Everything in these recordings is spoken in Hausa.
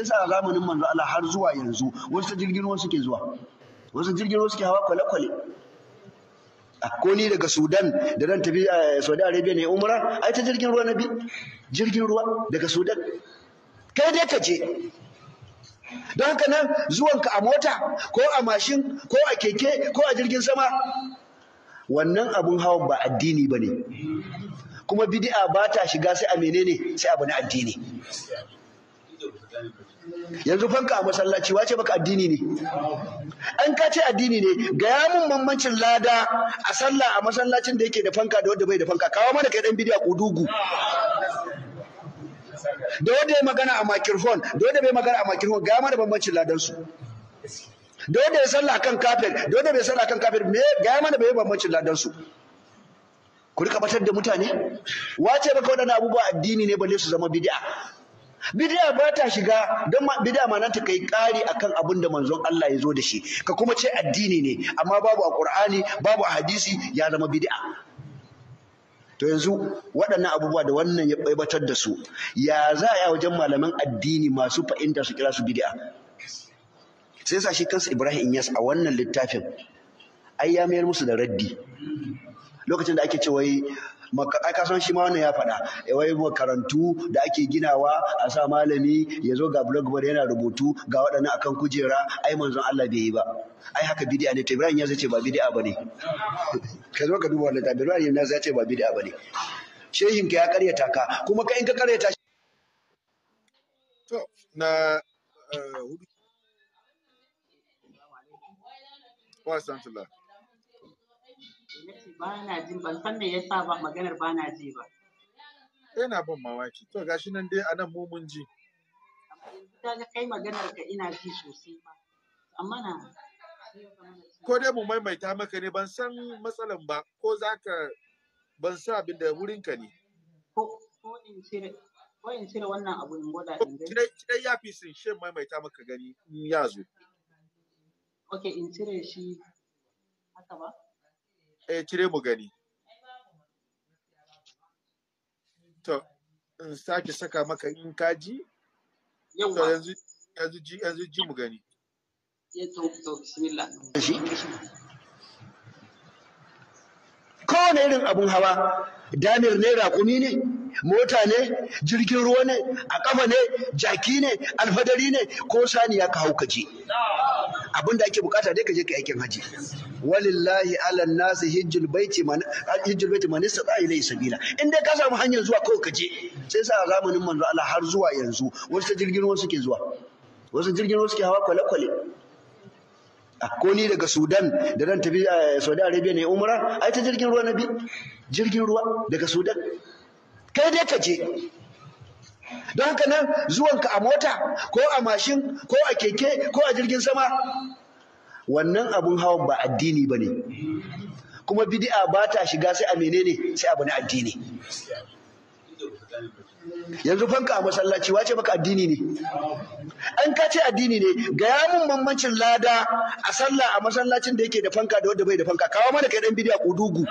yasa a zamanin manzo Allah har zuwa yanzu wasu ta jirgin ruwa suke zuwa wasu jirgin ruwa suke hawa kwale-kwale ko ni daga Sudan da zan tafi eh, Saudi Arabia ne umra ai ta jirgin ruwa na bi jirgin ruwa daga Sudan kai dai ka je don haka nan zuwanka a mota ko a mashin ko a keke ko a jirgin sama wannan abun hawan ba addini ba ne kuma bidi'a ba ta shiga sai a menene sai abu na addini yanzu fanka a masallaci wace baka addini ne an ka ce addini ne ga ya mun bambancin lada a sallah a masallacin da yake da fanka da wanda bai da fanka kawo mana kai dan bidiya kudugu da wanda ya magana a makirfon da wanda bai magana a makirfon ga mana bambancin ladansu. da wanda ya sallah kan kafir da wanda bai sallah kan kafir me ga mana bai bambancin ladansu. ku rika batar da mutane wace baka wadannan abubuwa addini ne balle su zama bid'a bid'a ba ta shiga don bid'a ma ta kai ƙari akan abin da manzon Allah ya zo da shi ka kuma ce addini ne amma babu a Qur'ani babu a hadisi ya zama bid'a to yanzu waɗannan abubuwa da wannan ya baibatar da su ya za a wajen malaman addini masu fa'inta su kira su bid'a sai sa shi kansu Ibrahim yas a wannan littafin ai ya mayar musu da raddi lokacin da ake wai. ai ka san shi ma wannan ya faɗa eh, wai makarantu da ake ginawa a sa malami ya zo ga blogboard yana rubutu ga waɗannan akan kujera ai manzon Allah bai yi ba ai haka bid'a ne to Ibrahim ya zace ba bid'a bane ka zo ka duba wannan tabi Ibrahim ya zace ba bid'a bane shehin ka ya karyata ka kuma ka in ka karyata to na eh, Wa nace ba ban san me yasa ba maganar ba na ji ba yana ban mawaki to gashi nan dai a nan mun ji ta ga kai maganar ka ina ji sosai ba amma na ko dai mu maimaita maka ne ban san matsalan ba ko zaka ban sa abin da wurin ka ne ko in cire ko in cire wannan abu in gwada in ga kidai ya fi sun shin maimaita maka gani in ya zo okay in cire shi haka ba ɗaya eh, cire mu gani to in sake saka maka in kaji ji, yanzu yanzu ji yanzu ji mu gani eh, kowane irin abun hawa damir ne raƙumi ne mota ne jirgin ruwa ne a ƙafa ne jaki ne alfadari ne ko saniya ka hau kaje abin da ake bukata dai ka je ka aikin haji walillahi ala nasi hijjul baiti man hijjul baiti man istata sabila in dai ka samu hanyar zuwa kawai kaje? sai sa zamanin manzo Allah har zuwa yanzu wasu ta jirgin ruwa suke zuwa wasu jirgin ruwa suke hawa kwale kwale ko ni daga Sudan da ran tafi eh, Saudi Arabia ne umra ai ta jirgin ruwa na bi jirgin ruwa daga Sudan kai dai ka je don haka nan zuwanka a mota ko a mashin ko a keke ko a jirgin sama wannan abun hawan ba addini ba ne kuma bidi'a ba ta shiga sai a menene sai abu na addini yanzu fanka a masallaci wace maka addini ne an ka ce addini ne ga yamin bambancin lada a sallah a masallacin da yake da fanka da wanda bai da fanka kawo mana kai dan ko kudugu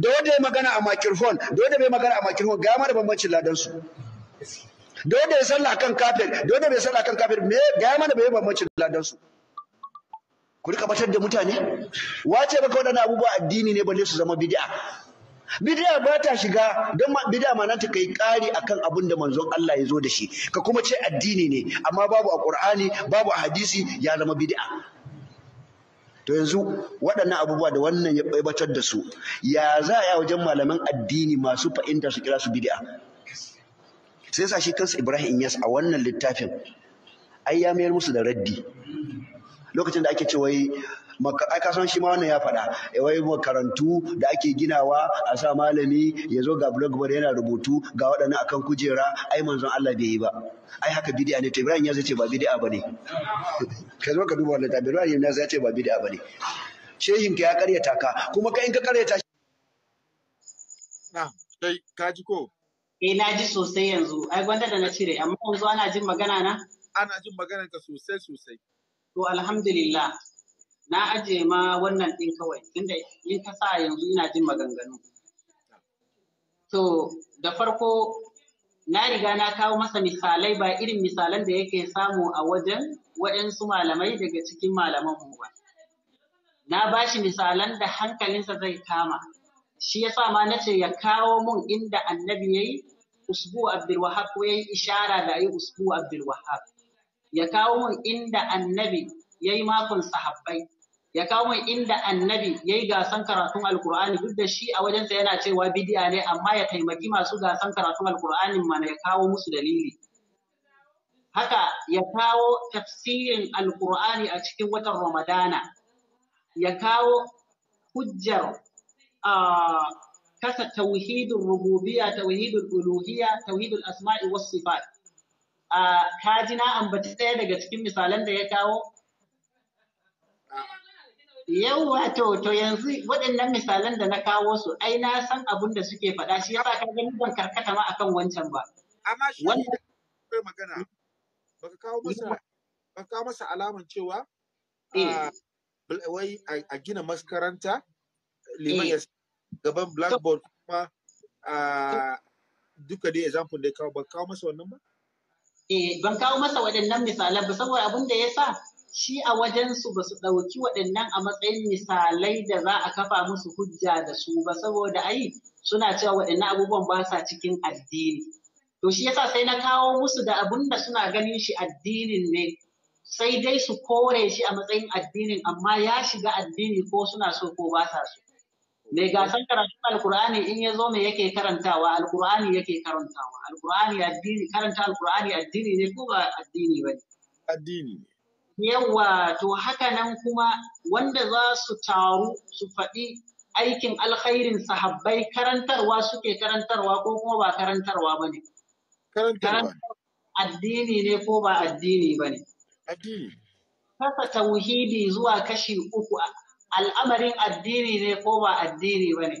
da wanda ya magana a makirfon da wanda bai magana a makirfon ga mana bambancin ladan su da ya sallah kan kafir da wanda bai sallah kan kafir me ga mana bai bambanci ladan su ku rika batar da mutane wace baka wadannan abubuwa addini ne balle su zama bid'a bid'a ba ta shiga don bid'a ma ta kai kari akan abin da manzon Allah ya zo da shi ka kuma ce addini ne amma babu a Qur'ani babu a hadisi ya zama bid'a to yanzu waɗannan abubuwa da wannan ya batar da su ya za a yi wajen malaman addini masu fa'inta su kira su bid'a sai sa shi kansa Ibrahim Inyas a wannan littafin ai ya mayar musu da raddi lokacin da ake ce wai ai ka san shi ma wannan ya faɗa eh, wai makarantu da ake ginawa a sa malami ya zo ga blogboard yana rubutu ga waɗannan akan kujera ai manzon Allah bai yi ba ai haka bid'a ne to Ibrahim ya ce ba bid'a bane ka zo ka duba wannan tabi Ibrahim ya ce ba bid'a bane shehin ka ya karyata ka kuma ka in ka karyata na'am kai ka ji ko Eh na ji sosai yanzu, ai gwanda da na cire, amma yanzu ana jin magana na? Ana jin magana ka sosai sosai. To alhamdulillah, na ajiye ma wannan ɗin kawai, tunda in ka sa yanzu ina jin maganganu. To da farko na riga na kawo masa misalai ba irin misalan da yake samu a wajen waɗansu malamai daga cikin malaman mu ba. Na ba shi misalan da hankalinsa zai kama. shi yasa ma ce ya kawo mun inda annabi yayi usbu abdulwahab, ko ya yi ishara da ayi usbu abdulwahab, ya kawo mun inda annabi yayi makon sahabbai ya kawo mun inda annabi yayi gasan karatun alkur'ani duk da shi a wajensa yana cewa bidiya ne amma ya taimaki masu gasan karatun alqur'anin mana ya kawo musu dalili haka ya kawo tafsirin alkur'ani a cikin watan ramadana ya kawo hujjar kasa tauhidul rububiyya tauhidul uluhiyya tauhidul asma'i was sifat ka ji na ambaci ɗaya daga cikin misalan da ya kawo Yau wato to yanzu waɗannan misalan da na kawo su ai na san abin da suke faɗa shi yasa ka gani ban karkata ma akan wancan ba amma shi wannan magana baka kawo masa baka kawo masa alaman cewa wai a gina maskaranta liman eh. ya gaban blackboard kuma a ah, duka dai example da kawo ban kawo masa wannan ba? Eh ban kawo masa waɗannan misalan ba saboda abin da ya sa shi a wajensu ba su ɗauki waɗannan a matsayin misalai da za a kafa musu hujja da su ba saboda ai suna cewa waɗannan abubuwan ba sa cikin addini. To shi yasa sai na kawo musu da abun da suna ganin shi addinin ne sai dai su kore shi a matsayin addinin amma ya shiga addini ko suna so ko ba sa so. mai gasar karatun alkur'ani in ya zo me yake karantawa alkur'ani yake karantawa alkur'ani addini karanta alkur'ani addini ne ko ba addini ba ne addini ne to haka nan kuma wanda za su taru su faɗi aikin alkhairin sahabbai karantarwa suke karantarwa ko kuma ba karantarwa ba ne karantarwa addini ne ko ba addini ba ne addini kasa tauhidi zuwa kashi uku al'amarin addini ne ko ba addini ba ne.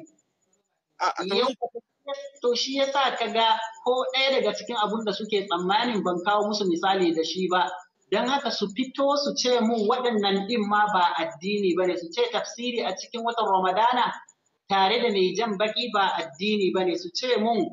To shi ya sa ka ga ko ɗaya daga cikin abun da suke tsammanin ban kawo musu misali da shi ba, don haka su fito su ce mun waɗannan ɗin ma ba addini ba ne, su ce tafsiri a cikin watan Ramadana tare da mai jan baƙi ba addini ba ne, su ce mun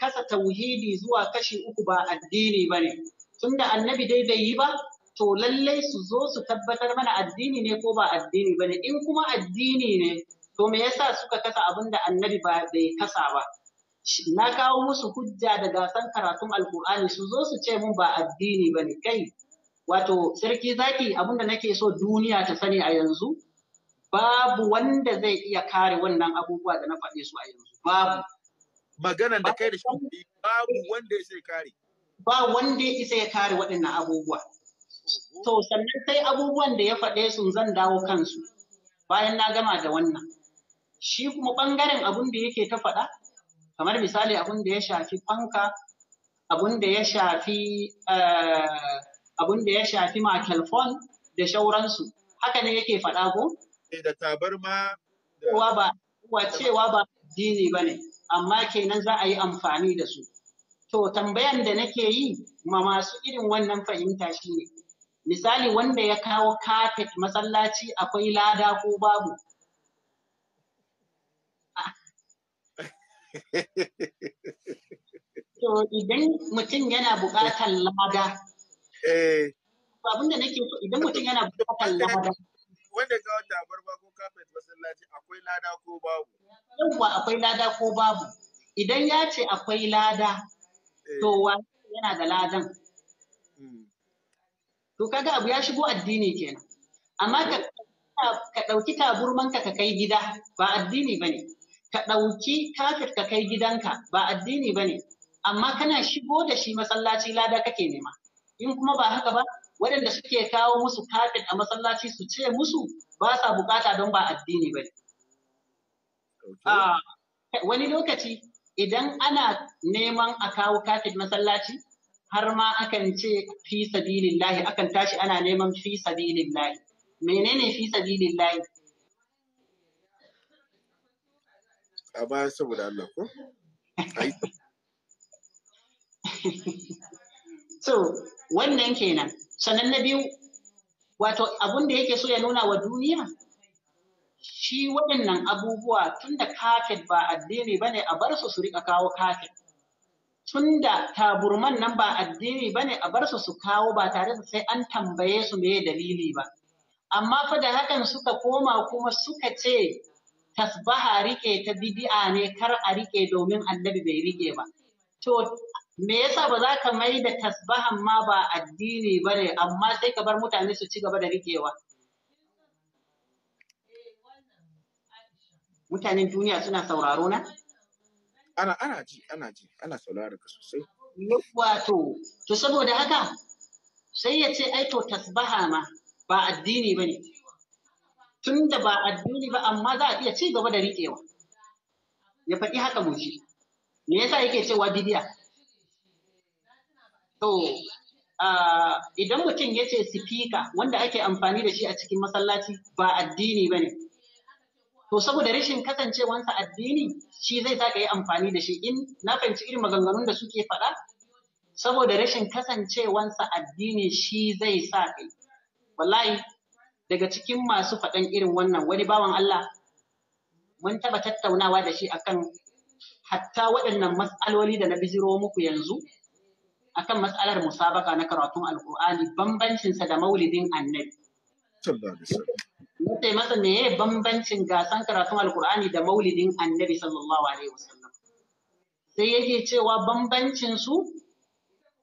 kasa tauhidi zuwa kashi uku ba addini ba ne. Tunda annabi dai bai yi ba, to lallai su zo su tabbatar mana addini ne ko ba addini ba ne? in kuma addini ne to me yasa suka kasa abin da annabi ba bai kasa ba na kawo musu hujja da gasan karatun alkur'ani su zo su ce mun ba addini ba ne, kai wato sarki zaki abin da nake so duniya ta sani a yanzu babu wanda zai iya kare wannan abubuwa da na faɗe su a yanzu babu maganan da kai da shi babu wanda ya kare ba wanda ya isa ya kare waɗannan abubuwa To sannan sai abubuwan da ya faɗe sun zan dawo kansu bayan na gama da wannan. Shi kuma ɓangaren abun da yake ta faɗa, kamar misali abun da ya shafi fanka, abun da ya shafi eh, abun da ya shafi da shauransu. Haka ne yake faɗa ko? Eh, da tabarma. Kowa ba, cewa ba dini ba ne, amma kenan za a yi amfani da su. To tambayan da nake yi ma masu irin wannan fahimta shine misali wanda ya kawo kafet masallaci akwai lada ko babu to idan mutum yana buƙatar lada eh. abinda nake so idan mutum yana buƙatar lada wanda ga wata barba ko kafet masallaci akwai lada ko babu yawwa akwai lada ko babu idan ya ce akwai lada eh. to wa yana da ladan hmm. to kaga abu ya shigo addini kenan amma ka ɗauki taburmanka ka kai gida ba addini ba ne ka ɗauki kafir ka kai gidanka ba addini ba ne amma kana shigo da shi masallaci lada kake nema in kuma ba haka ba waɗanda suke kawo musu kafir a masallaci su ce musu ba sa bukata don ba addini ba ne ah, wani lokaci idan ana neman a kawo kafir masallaci har ma akan ce fi sabilillahi akan tashi ana neman fi sabilillahi menene fi sabilillahi a baya saboda Allah ko so wannan kenan sanan na biyu wato abun da yake so ya nuna wa duniya shi waɗannan abubuwa tun da kafet ba addini ba ne a bar su su riƙa kawo kafet tunda taburman nan ba addini ba ne a bar su su kawo ba tare da sai an tambaye su meye dalili ba. Amma fa da hakan suka koma kuma suka ce tasbaha rike ta bidi'a ne kar a rike domin annabi bai rike ba. To me yasa ba za ka mai da tasbahan ma ba addini ba ne amma sai ka bar mutane su ci gaba da rikewa. Mutanen duniya suna sauraro na? ana ana ji ana ji ana sauraron ka sosai wato to saboda haka sai ya ce ai to tasbaha ma ba addini bane tunda ba addini ba amma za a iya ci gaba da riƙewa ya faɗi haka muji, me yasa yake cewa bidiya to idan mutum ya ce sifika wanda ake amfani da shi a cikin masallaci ba addini bane to saboda rashin kasancewansa addini shi zai sa ka yi amfani da shi in na fahimci irin maganganun da suke faɗa saboda rashin kasancewansa addini shi zai sa ka yi wallahi daga cikin masu faɗan irin wannan wani bawan Allah mun taɓa tattaunawa da shi akan hatta waɗannan matsaloli da na biziro muku yanzu akan matsalar musabaka na karatun alkur'ani bambancinsa da maulidin annabi Nace masa me bambancin gasan karatun Alkur'ani da maulidin Annabi sallallahu alaihi wasallam. Sai yake cewa bambancin su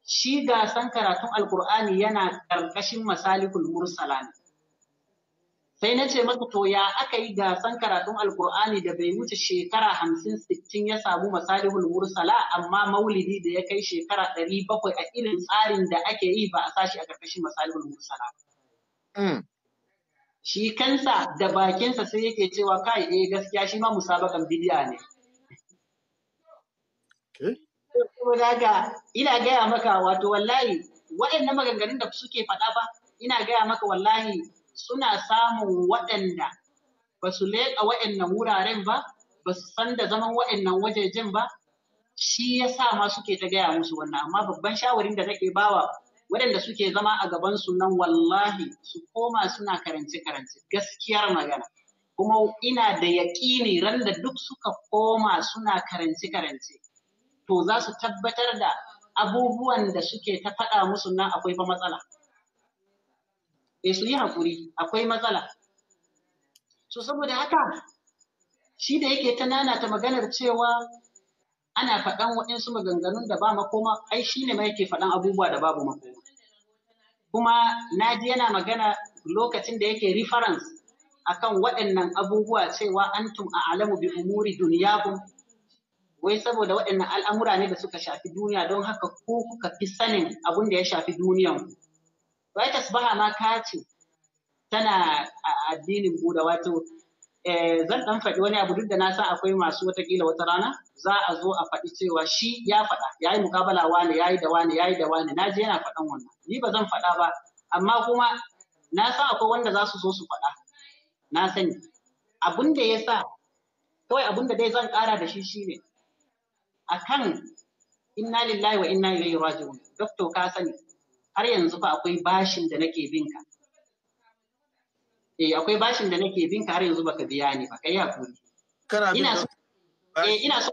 shi gasan karatun Alkur'ani yana karkashin masalikul mursalan. Sai na ce masa to ya aka yi gasan karatun Alkur'ani da bai wuce shekara hamsin sittin ya samu masalihul mursala amma maulidi da ya kai shekara ɗari bakwai a irin tsarin da ake yi ba a sashi a karkashin masalihul mursala. shi kansa da bakinsa sai yake cewa kai eh gaskiya shi ma musabakan bidiya ne saboda ina gaya maka wato wallahi waɗannan maganganun da suke faɗa ba ina gaya maka wallahi suna samun waɗanda ba su leƙa waɗannan wuraren ba ba su san da zaman waɗannan wajejen ba shi ya sa ma suke ta gaya musu wannan amma babban shawarin da nake bawa waɗanda suke zama a gaban su nan wallahi su koma suna karance karance gaskiyar magana kuma ina da yaƙini ran da duk suka koma suna karance karance to za su tabbatar da abubuwan da suke ta faɗa musu nan akwai fa matsala e su yi haƙuri akwai matsala so saboda haka shi da yake ta ta maganar cewa ana faɗan waɗansu maganganun da ba makoma ai shi ne ma yake faɗan abubuwa da babu makoma kuma na ji yana magana lokacin da yake reference kan waɗannan abubuwa cewa antum a alamu bi umuri duniyahum wai saboda waɗannan al'amura ne da suka shafi duniya don haka ko kuka fi sanin abin da ya shafi duniyan wai tasbaha ma ka tana a addinin buda wato Eh, zan dan faɗi wani abu duk da na san akwai masu watakila wata rana za a zo a faɗi cewa shi ya faɗa ya yi mukabala wani, ya yi da wani, ya yi da wani, na ji yana faɗan wannan ni ba zan faɗa ba amma kuma na san akwai wanda za su zo su faɗa na sani abun da ya sa kawai abun da dai zan ƙara da shi a akan inna lillahi wa inna ilaihi raji'un doctor ka sani har yanzu fa akwai bashin da nake binka eh akwai bashin da nake bin har yanzu baka biya ni ba kai hakuri kana ina so eh ina so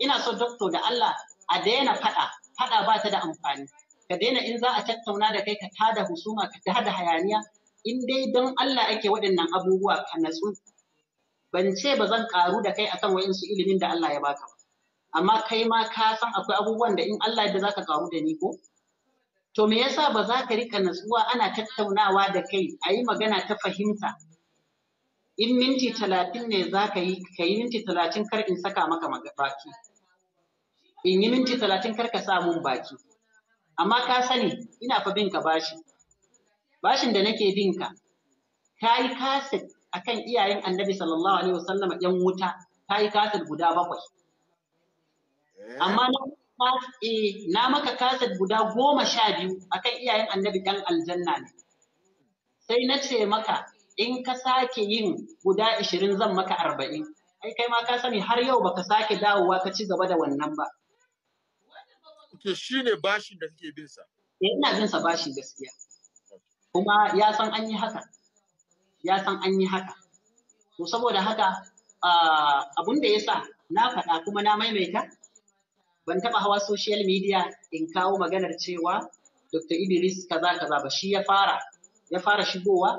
ina so doctor da Allah a daina faɗa, faɗa ba ta da amfani ka daina in za a tattauna da kai ka tada husuma ka tada hayaniya in dai don Allah ake waɗannan abubuwa ka natsu ban ce ba zan ƙaru da kai akan wa'insu ilimin da Allah ya baka ba amma kai ma ka san akwai abubuwan da in Allah ya da zaka karu da ni ko to me yasa ba za ka rika natsuwa ana tattaunawa da kai a yi magana ta fahimta in minti talatin ne za ka yi ka yi minti talatin kar in saka maka baki in yi minti talatin kar ka sa mun baki amma ka sani ina fa bin ka bashi bashin da nake bin ka ka yi kaset akan iyayen annabi sallallahu alaihi wasallama yan wuta ta yi kaset guda bakwai amma na na maka kasar guda goma sha biyu akan iyayen annabi dan aljanna ne sai na ce maka in ka sake yin guda ishirin zan maka arba'in ai kai ma ka sani har yau baka sake dawowa ka ci gaba da wannan ba shi ne bashin da kake bin sa eh, ina bin sa bashi gaskiya kuma ya san an yi haka ya san an yi haka to saboda haka ah, abun da yasa na faɗa kuma na maimaita ban taɓa hawa social media in kawo maganar cewa Dr. Idris kaza kaza ba shi ya fara ya fara shigowa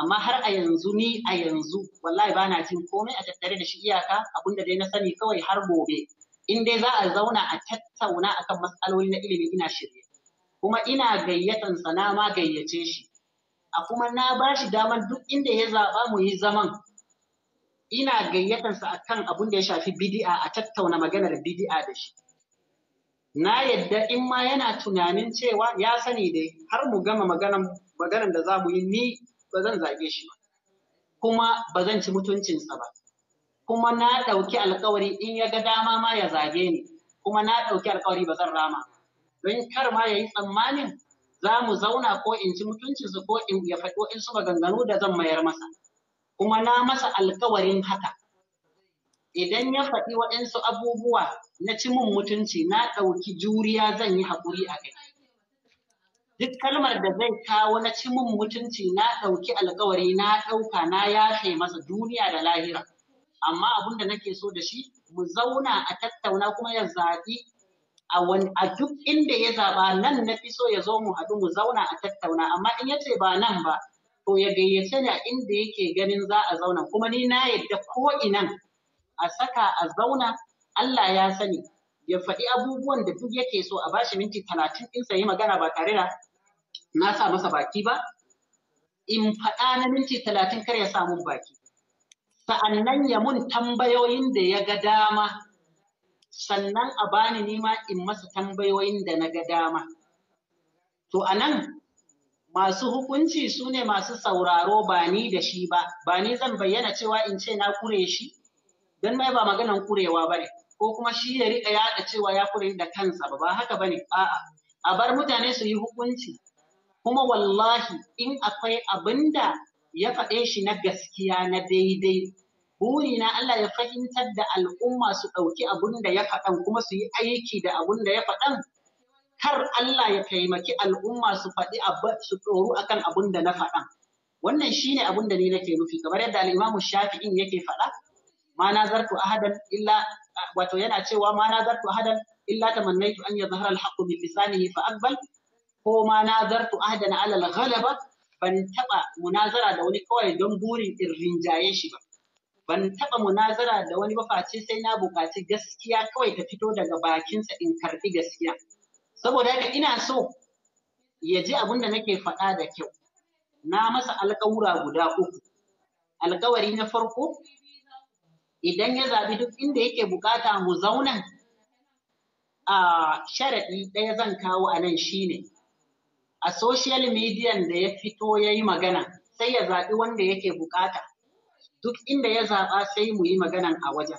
amma har a yanzu ni a yanzu wallahi bana jin komai a tattare da shi iyaka abinda dai na sani kawai har gobe in dai za a zauna a tattauna akan matsaloli na ilimi ina shirye kuma ina gayyatan sana ma gayyace shi a kuma na ba shi daman duk inda ya zaba mu yi zaman ina gayyatansa akan abin da ya shafi bidi'a a tattauna maganar bidi'a da shi na yadda in ma yana tunanin cewa ya sani dai har mu gama maganan da za mu yi ni ba zan zage shi ba kuma ba zan ci mutuncinsa ba kuma na ɗauki alkawari in ya ga dama ma ya zage ni kuma na ɗauki alkawari ba zan rama don kar ma ya yi tsammanin za mu zauna ko in ci mutuncinsa ko in ya faɗo in su maganganu da zan mayar masa kuma na masa alkawarin haka idan ya faɗi waɗansu abubuwa na ci mun mutunci na ɗauki juriya zan yi haƙuri a kai. Duk kalmar da zai kawo na ci mun mutunci na ɗauki alkawari na ɗauka na yafe masa duniya da lahira. Amma abin da nake so da shi mu zauna a tattauna kuma ya zaɓi a duk inda ya zaɓa nan na fi so ya zo mu haɗu mu zauna a tattauna amma in ya ce ba nan ba to ya gayyace ni a inda yake ganin za a zauna kuma ni na yadda ko inan a saka a zauna Allah ya sani ya faɗi abubuwan da duk yake so a bashi minti talatin in sayi magana ba tare da na sa masa baki ba in faɗa na minti talatin kar ya samu baki sa'annan ya mun tambayoyin da ya ga dama sannan a bani nima in masa tambayoyin da na ga dama to a nan masu hukunci su ne masu sauraro ba ni da shi ba ba ni zan bayyana cewa in ce na kure shi don mai ba maganan kurewa ba ne ko kuma shi ya riƙa yaɗa cewa ya kure da kansa ba ba haka ba ne a'a a bar mutane su yi hukunci kuma wallahi in akwai abin da ya faɗe shi na gaskiya na daidai burina Allah ya fahimtar da al'umma su ɗauki abin da ya faɗan kuma su yi aiki da abin da ya faɗan kar Allah ya taimaki al'umma su faɗi su tsoro akan abin da na faɗan wannan shine abin da ni nake nufi kamar yadda al'imamu shafi'in yake faɗa ma nazartu ahadan illa wato yana cewa ma nazartu ahadan illa tamannaitu an yadhhara al-haqq min lisanihi fa aqbal ko ma nazartu ahadan ala al-ghalaba ban taba munazara da wani kawai don burin in rinjaye shi ba ban taba munazara da wani ba face sai na buƙaci gaskiya kawai ta fito daga bakinsa in karbi gaskiya saboda haka ina so ya ji abin da nake faɗa da kyau na masa alƙawura guda uku alƙawari na farko idan ya zaɓi duk inda yake bukata mu zauna a sharaɗi ɗaya zan kawo a nan ne. a social media da ya fito ya yi magana sai ya zaɓi wanda yake bukata duk inda ya zaɓa sai mu yi maganan a wajen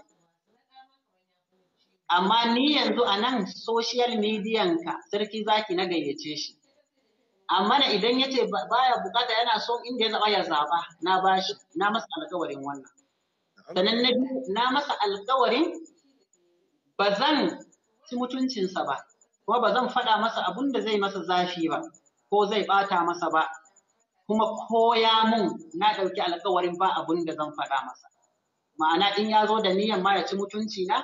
amma ni yanzu a nan social media ka sarki zaki na gayyace shi amma idan ya ce baya buƙata yana son inda ya zaɓa ya zaɓa na bashi na masa alƙawarin wannan Sannan na masa alkawarin ba zan ci mutuncinsa ba, kuma ba zan faɗa masa abun da zai masa zafi ba, ko zai ɓata masa ba, kuma koya mun na ɗauki alkawarin ba abun da zan faɗa masa. Ma'ana in ya zo da niyan ma ya ci mutunci na,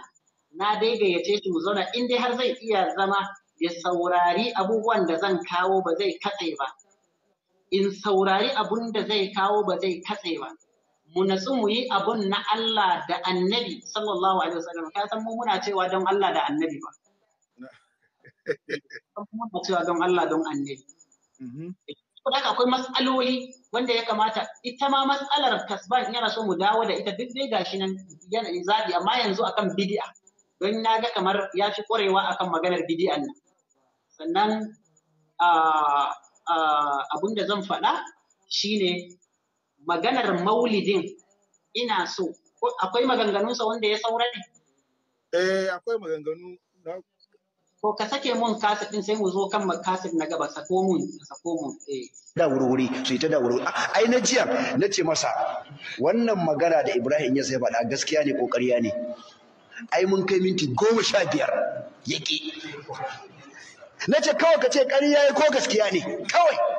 na dai gayyace shi mu zauna in dai har zai iya zama ya saurari abubuwan da zan kawo ba zai katse ba. In saurari abun da zai kawo ba zai katse ba. mu natsu mu yi abun na Allah da annabi sallallahu alaihi wasallam ka san mu muna cewa don Allah da annabi ba muna cewa don Allah don annabi mm-hmm. saboda akwai matsaloli wanda ya kamata ita ma matsalar kasban yana so mu dawo da ita duk dai gashi nan yanayin zabi amma yanzu akan bid'a don na ga kamar ya fi korewa akan maganar bidi'an nan sannan ah, ah, abun da zan faɗa shine maganar maulidin ina so akwai maganganunsa wanda ya saura ne? Eh akwai maganganu Ko ka sake mun kasif sai mu zo kan kasif na gaba sako mun sako mun eh da wuri su ta da wuri ai na jiya na ce masa wannan magana da Ibrahim ya sai faɗa gaskiya ne ko ƙarya ne ai mun kai minti goma sha biyar yake na ce kawai ka ce ƙarya ko gaskiya ne kawai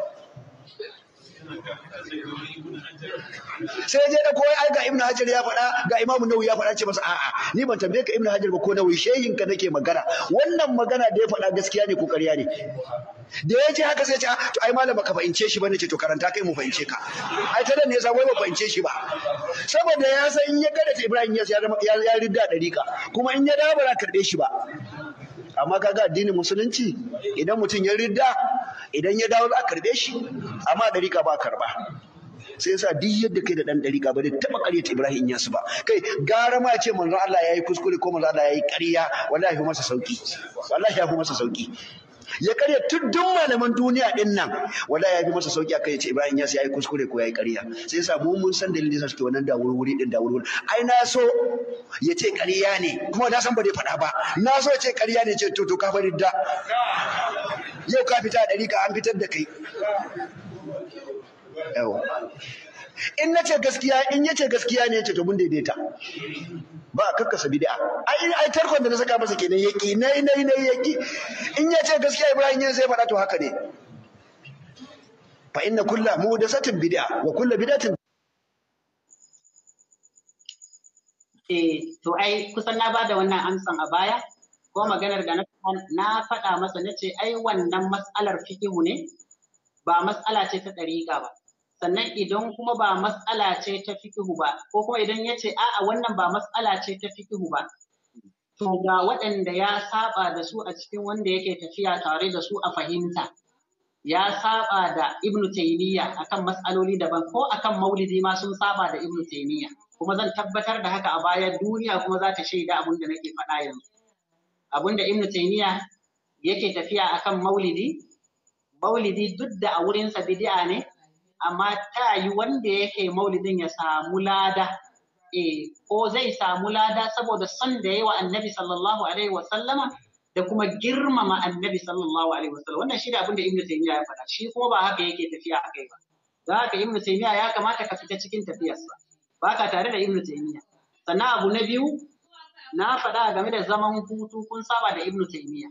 sai je da koyi ai ga ibnu hajar ya faɗa ga imamu nawawi ya faɗa ce masa a'a ni ban tambaye ka ibnu hajar ba ko nawawi shehin ka nake magana wannan magana da ya faɗa gaskiya ne ko ƙarya ne da ya ce haka sai ce ah, to ai malama ka fahimce shi bane ce to karanta kai mu fahimce ka ai ta ne yasa wai ba fahimce shi ba saboda ya san in ya gada ta Ibrahim ya ya ridda dariƙa kuma in ya dabara ba karɓe shi ba amma kaga addinin musulunci idan mutum ya ridda idan ya dawo za a karbe shi amma ɗariƙa ba karba sai yasa duk yadda kai da dan dariƙa ba zai taɓa ƙaryata Ibrahim ya su ba kai gara ma ce manzo Allah yayi kuskure ko manzo Allah yayi ƙarya wallahi ya masa sauki wallahi ya fi masa sauki ya karya tuddun malaman duniya din nan wallahi ya fi masa sauki akai ya ce Ibrahim ya yayi kuskure ko yayi ƙarya sai yasa mu mun san dalilin da suke wannan da wuri din da wuri ai na so ya ce ƙarya ne kuma na san ba dai faɗa ba na so ya ce ƙarya ne ce to to ka da yau ka fita ɗari ka an fitar da kai in na ce gaskiya in yace gaskiya ne yace to mun daidaita ba a karkasa bid'a ai ai tarkon da na saka masa kenan yaki nai nai nai yaki in yace gaskiya Ibrahim yin sai faɗa to haka ne fa inna kullu muhdasatin bid'a wa kullu bid'atin eh to ai kusan na bada wannan amsan a baya ko maganar da na na faɗa masa na ce ai wannan matsalar fikihu ne ba matsala ce ta ɗariƙa ba sannan idan kuma ba matsala ce ta fikihu ba ko kuma idan ya ce a'a wannan ba matsala ce ta fikihu ba to ga waɗanda ya saba da su a cikin wanda yake tafiya tare da su a fahimta ya saba da ibnu taymiya akan matsaloli daban ko akan maulidi ma sun saba da ibnu taymiya kuma zan tabbatar da haka a baya duniya kuma za ta shaida abin da nake faɗa yanzu abinda ibnu taymiya yake tafiya akan maulidi maulidi duk da a wurinsa bidi'a ne amma ta yi wanda yake maulidin ya samu lada e ko zai samu lada saboda son da yayi wa annabi sallallahu alaihi Wasallama, da kuma girmama annabi sallallahu alaihi Wasallama. wannan shi da abin da taymiya ya faɗa shi kuma ba haka yake tafiya a kai ba Za haka ibnu taymiya ya kamata ka fita cikin tafiyarsa ba ka tare da ibnu taymiya sannan abu na biyu na faɗa game da zaman hutu kun saba da Ibn taymiya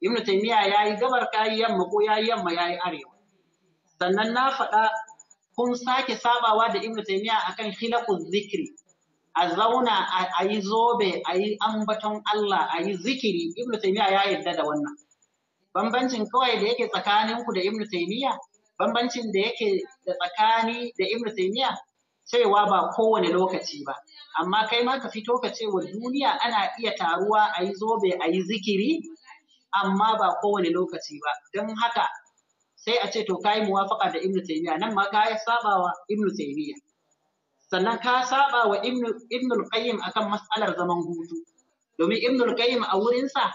Ibn taymiya yayi gabar kayi yamma ko yayi yamma yayi arewa sannan na faɗa kun sake sabawa da Ibn taymiya akan khilaqu zikri a zauna a yi zobe a yi ambaton Allah a yi zikiri Ibn taymiya ya yarda da wannan bambancin kawai da yake tsakaninku da Ibn taymiya bambancin da yake da tsakani da Ibn taymiya cewa ba kowane lokaci ba amma kai ma ka fito ka ce wa duniya ana iya taruwa a yi zobe a yi zikiri amma ba kowane lokaci ba don haka sai a ce to kayi muwafaka da ibnu taymiya nan ma ka saba wa ibnu taymiya sannan ka saba wa ibnu qayyim akan mas'alar zaman hutu domin ibnu qayyim a wurinsa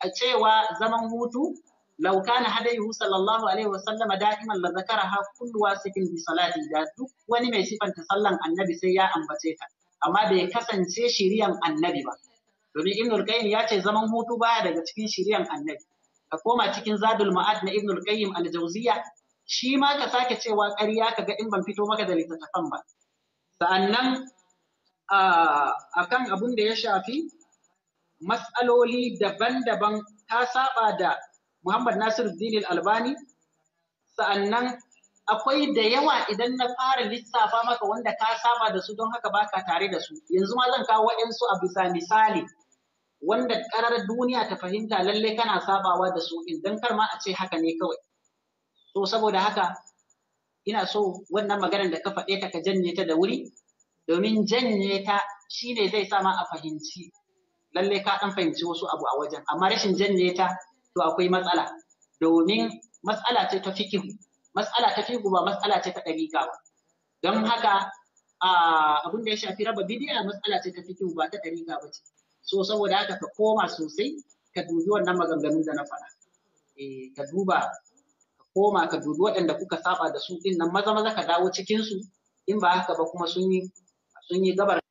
a cewa zaman hutu Lauka na hadayhu sallallahu alaihi wasallama da'iman la zakaraha kullu wasifin bi salati da duk wani mai sifanta sallan annabi sai ya ambace ta amma bai kasance shiriyan annabi ba domin ibnul qayyim ya ce zaman hutu baya daga cikin shiriyan annabi ka koma cikin zadul ma'ad na ibnul al-jawziya shi ma ka sake cewa ƙarya ka ga in ban fito maka da littattafan ba sa'annan akan abun da ya shafi matsaloli daban-daban ta saɓa da Muhammad Nasiru Dinil Albani sa'annan akwai da yawa idan na fara lissafa maka wanda ka saba da su don haka baka tare da su yanzu ma zan kawo waɗansu a bisa misali wanda ƙarar duniya ta fahimta lallai kana sabawa da su idan kar ma a ce haka ne kawai to saboda haka ina so wannan maganar da ka faɗe ta ka janye ta da wuri domin janye ta shine zai sa ma a fahimci lallai ka ɗan fahimci wasu abu a wajen amma rashin janye ta to akwai matsala domin matsala ce ta fikin matsala ta fikihu ba matsala ce ta ɗariƙa ba don haka abin da ya shafi raba bidiya matsala ce ta fikin ba ta ɗariƙa ba ce so saboda haka ka koma sosai ka dubi wannan maganganun da na faɗa eh, ka duba ka koma ka dubi waɗanda kuka saba da su ɗin nan maza maza ka dawo cikin su in ba haka ba kuma sun yi sun yi gabar